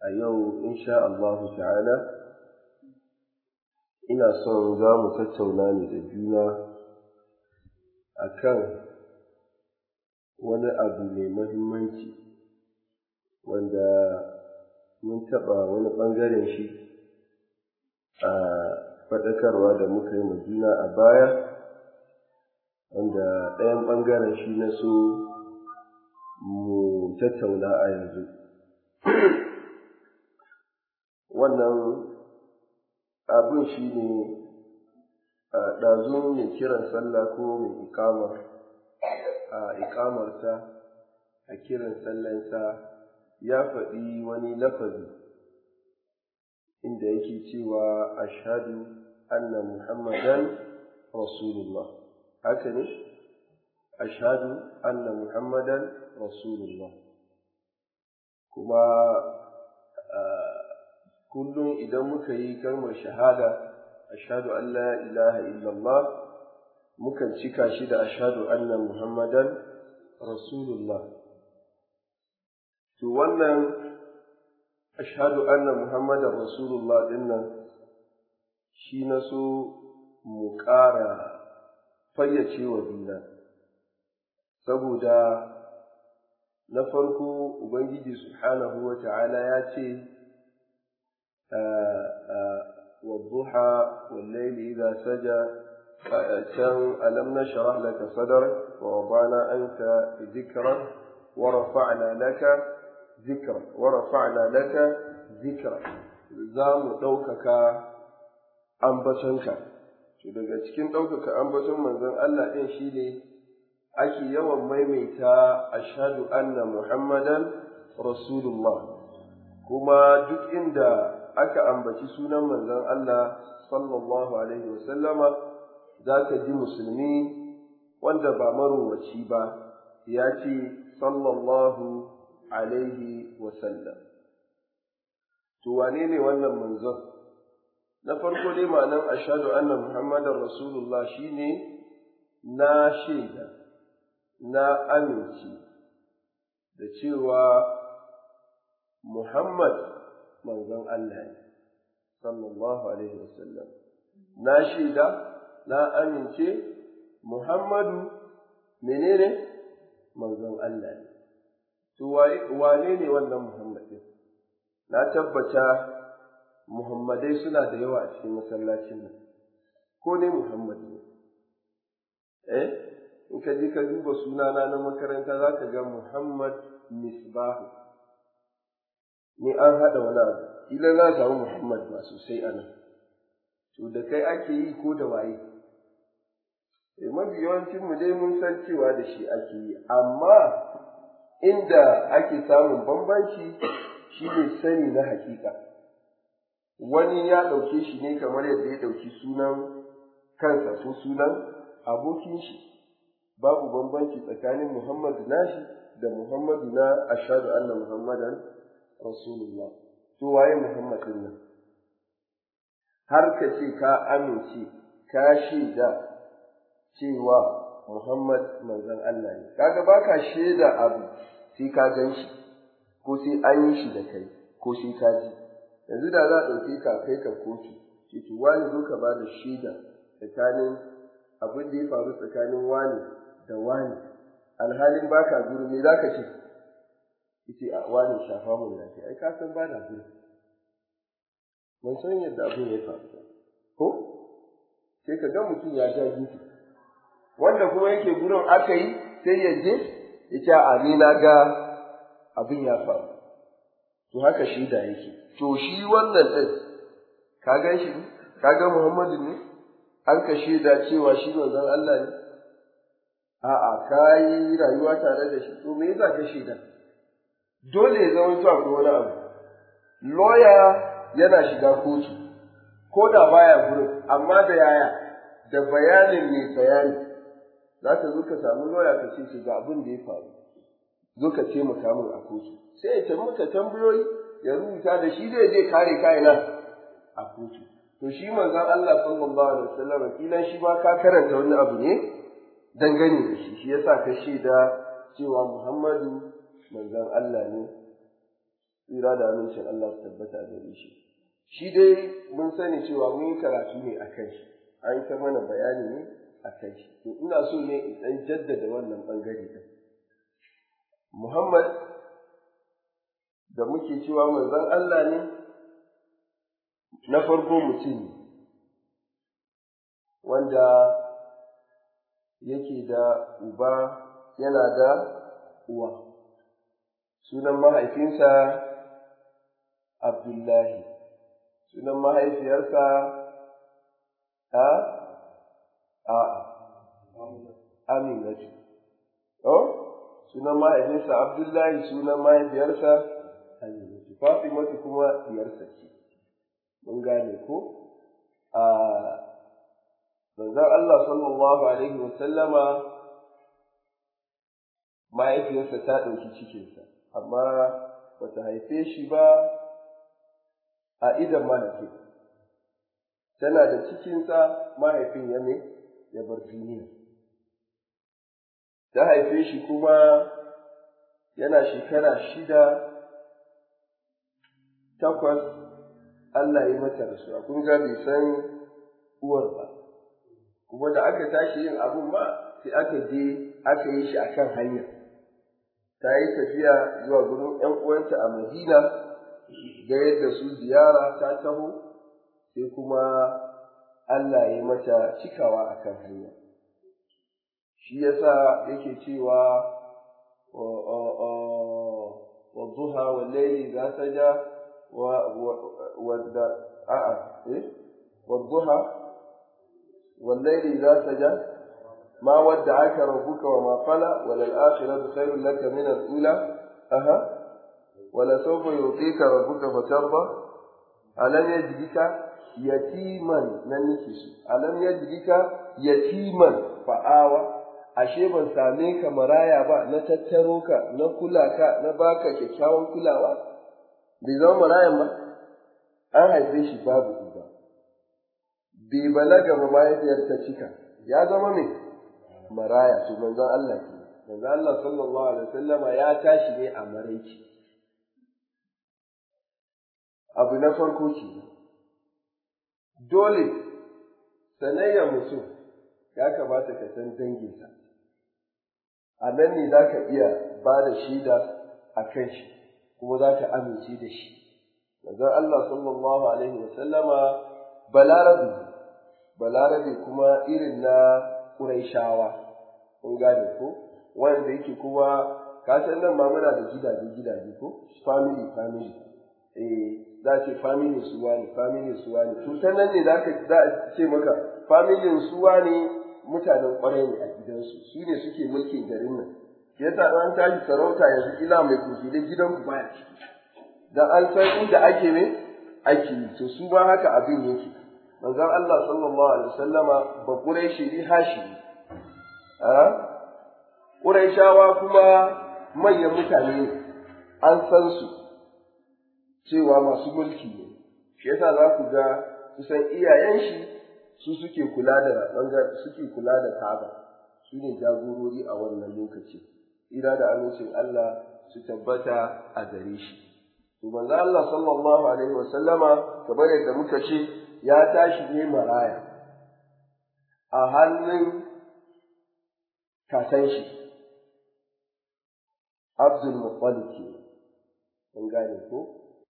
a yau insha Allahu ta'ala ina son za mu tattauna ne da juna a kan wani abu mai mahimmanci wanda mun taɓa wani ɓangaren shi a faɗakarwa da muka yi ma juna a baya wanda ɗayan ɓangaren shi na so mu tattauna a yanzu wannan abin shi ne a ɗazun mai kiran sallah ko mai ikamar a ikamarsa a kiran sallansa ya faɗi wani lafazi inda yake cewa ashadu anna muhammadan rasulullah haka ne ashadu anna muhammadan rasulullah kuma kullum idan muka yi kalmar shahada ashadu an la ilaha illallah mukan cika shi da ashadu anna muhammadan rasulullah to wannan ashadu anna muhammadan rasulullah dinnan shi na so mu ƙara fayyace wa juna saboda na farko ubangiji subhanahu wa ta'ala ya ce والضحى والليل إذا سجى كان ألم نشرح لك صدرك ووضعنا أنت ذكرك ورفعنا لك ذكرك ورفعنا لك ذكرك زام دوكك to daga cikin ɗaukaka ambaton manzon Allah ɗin shi ne ake yawan maimaita ashadu anna muhammadan rasulullah kuma duk inda aka ambaci sunan manzon Allah sallallahu alaihi wasallama za ka ji musulmi wanda ba marowaci ba ya ce sallallahu alaihi wasallam. To wane ne wannan manzon? Na farko dai ma'anar ashadu anna Muhammadan Rasulullah shi ne na shaida, na amince da cewa Muhammad manzon Allah ne sallallahu alaihi wasallam na shida, na amince Muhammadu menene manzon Allah ne to wane ne wannan Muhammadin na tabbata Muhammadai suna da yawa a cikin masallacin nan ko ne Muhammad ne eh in ka je ka duba sunana na makaranta za ka ga Muhammad Misbahu ni an haɗa wani abu idan za samu Muhammad ba sosai a nan to da kai ake yi ko da waye eh mafi yawancin mu dai mun san cewa da shi ake yi amma inda ake samun bambanci shi ne sani na hakika wani ya ɗauke shi ne kamar yadda ya ɗauki sunan kansa ko sunan abokin shi babu bambanci tsakanin muhammadu nashi da Muhammadu na ashadu anna Muhammadan rasulullah to waye Muhammad nan har ka ce ka amince ka shaida cewa Muhammad manzon Allah ne kaga baka shaida abu sai ka gan shi ko sai an yi shi da kai ko sai ka ji yanzu da za a ɗauke ka kai ka kotu ce to wani zo ka ba da shaida tsakanin abin da ya faru tsakanin wani da wani alhalin baka guri za ka ce yace a wani shafa mun lafiya ai ka san ba na gudu mun san yadda abin ya faru ko sai ka ga mutum ya ja gefe wanda kuma yake gurin aka yi sai ya je ya ce a ni na ga abin ya faru to haka shi da yake to shi wannan din ka ga shi ka ga Muhammadu ne an ka shaida cewa shi manzon Allah ne a'a ka yi rayuwa tare da shi to me yasa ka shaida dole ya zama zuwa ko wani abu lawyer yana shiga kotu ko da baya gurin amma da yaya da bayanin mai bayani za ka zo ka samu lawyer ka ce shiga abin da ya faru zo ka ce makamin a kotu sai ya ka tambayoyi ya rubuta da shi zai je kare kaina a kotu to shi manzon Allah sallallahu alaihi wasallam kila shi ba ka karanta wani abu ne dangane da shi shi yasa ka shaida cewa Muhammadu manzan Allah ne tsira da amincin Allah su tabbata da shi shi dai mun sani cewa mun yi karatu ne a kai an ta mana bayani ne a kai to ina so ne in dan jaddada wannan bangare din Muhammad da muke cewa manzan Allah ne na farko mutum wanda yake da uba yana da uwa sunan mahaifinsa Abdullahi, sunan mahaifiyarsa a a Aminatu. Oh, sunan mahaifinsa Abdullahi sunan mahaifiyarsa Aminatu. Fatimatu kuma diyarsa ce. Mun gane ko? A manzon Allah sallallahu alaihi wa sallama mahaifiyarsa ta ɗauki cikinsa. amma bata haife shi ba a idan mahaifi tana da cikinsa mahaifin ya ne ya bar duniya ta haife shi kuma yana shekara shida takwas Allah yi mata rasuwa kun ga bai san uwar ba kuma da aka tashi yin abun ma sai aka je aka yi shi kan hanyar ta yi tafiya zuwa gurin ‘yan uwanta a Madina ga yadda su ziyara ta taho, sai kuma Allah ya mata cikawa a kan hanya. Shi yasa yake cewa wa duha wa laili za ta ja wa da a'a eh wa wa laili za ta ja ما ودعك ربك وما قلى وللآخرة خير لك من الأولى أها ولسوف يعطيك ربك فترضى ألم يجدك يتيما ننكش ألم يجدك يتيما فآوى ashe ban same ka maraya ba na tattaro ka na kula ka na baka kyakkyawan kulawa bai zama marayan ba an haife shi babu ba bai balaga ba mahaifiyar cika ya zama mai maraya to manzon Allah ke manzon Allah sallallahu alaihi wasallama ya tashi ne a maraici abu na farko ce dole sanayyar mutum ya kamata ka san danginsa a nan ne za ka iya ba da shida a kan shi kuma za ka amince da shi manzon Allah sallallahu alaihi wasallama balarabi balarabe kuma irin na Ƙuraishawa, kun gane ko wanda yake kuma ka san nan ma muna da gidaje gidaje ko family family eh za ce family su wani family su wani to nan ne za a ce maka family su wani mutanen kwarai ne a gidansu su ne suke mulkin garin nan yasa an tashi sarauta yanzu ila mai kofi da gidanku baya ciki da an san inda ake ne ake yi to su ba haka abin yake manzon Allah sallallahu alaihi wasallama ba Quraishi ne hashi a Quraishawa kuma manyan mutane an san su cewa masu mulki ne shi yasa za ku ga kusan iyayen shi su suke kula da bangare suke kula da Kaaba su ne jagorori a wannan lokaci ira da amincin Allah su tabbata a gare shi to manzon Allah sallallahu alaihi wasallama kamar yadda muka ce ya tashi ne maraya a hannun kasan shi abdul muqallid ke gane ko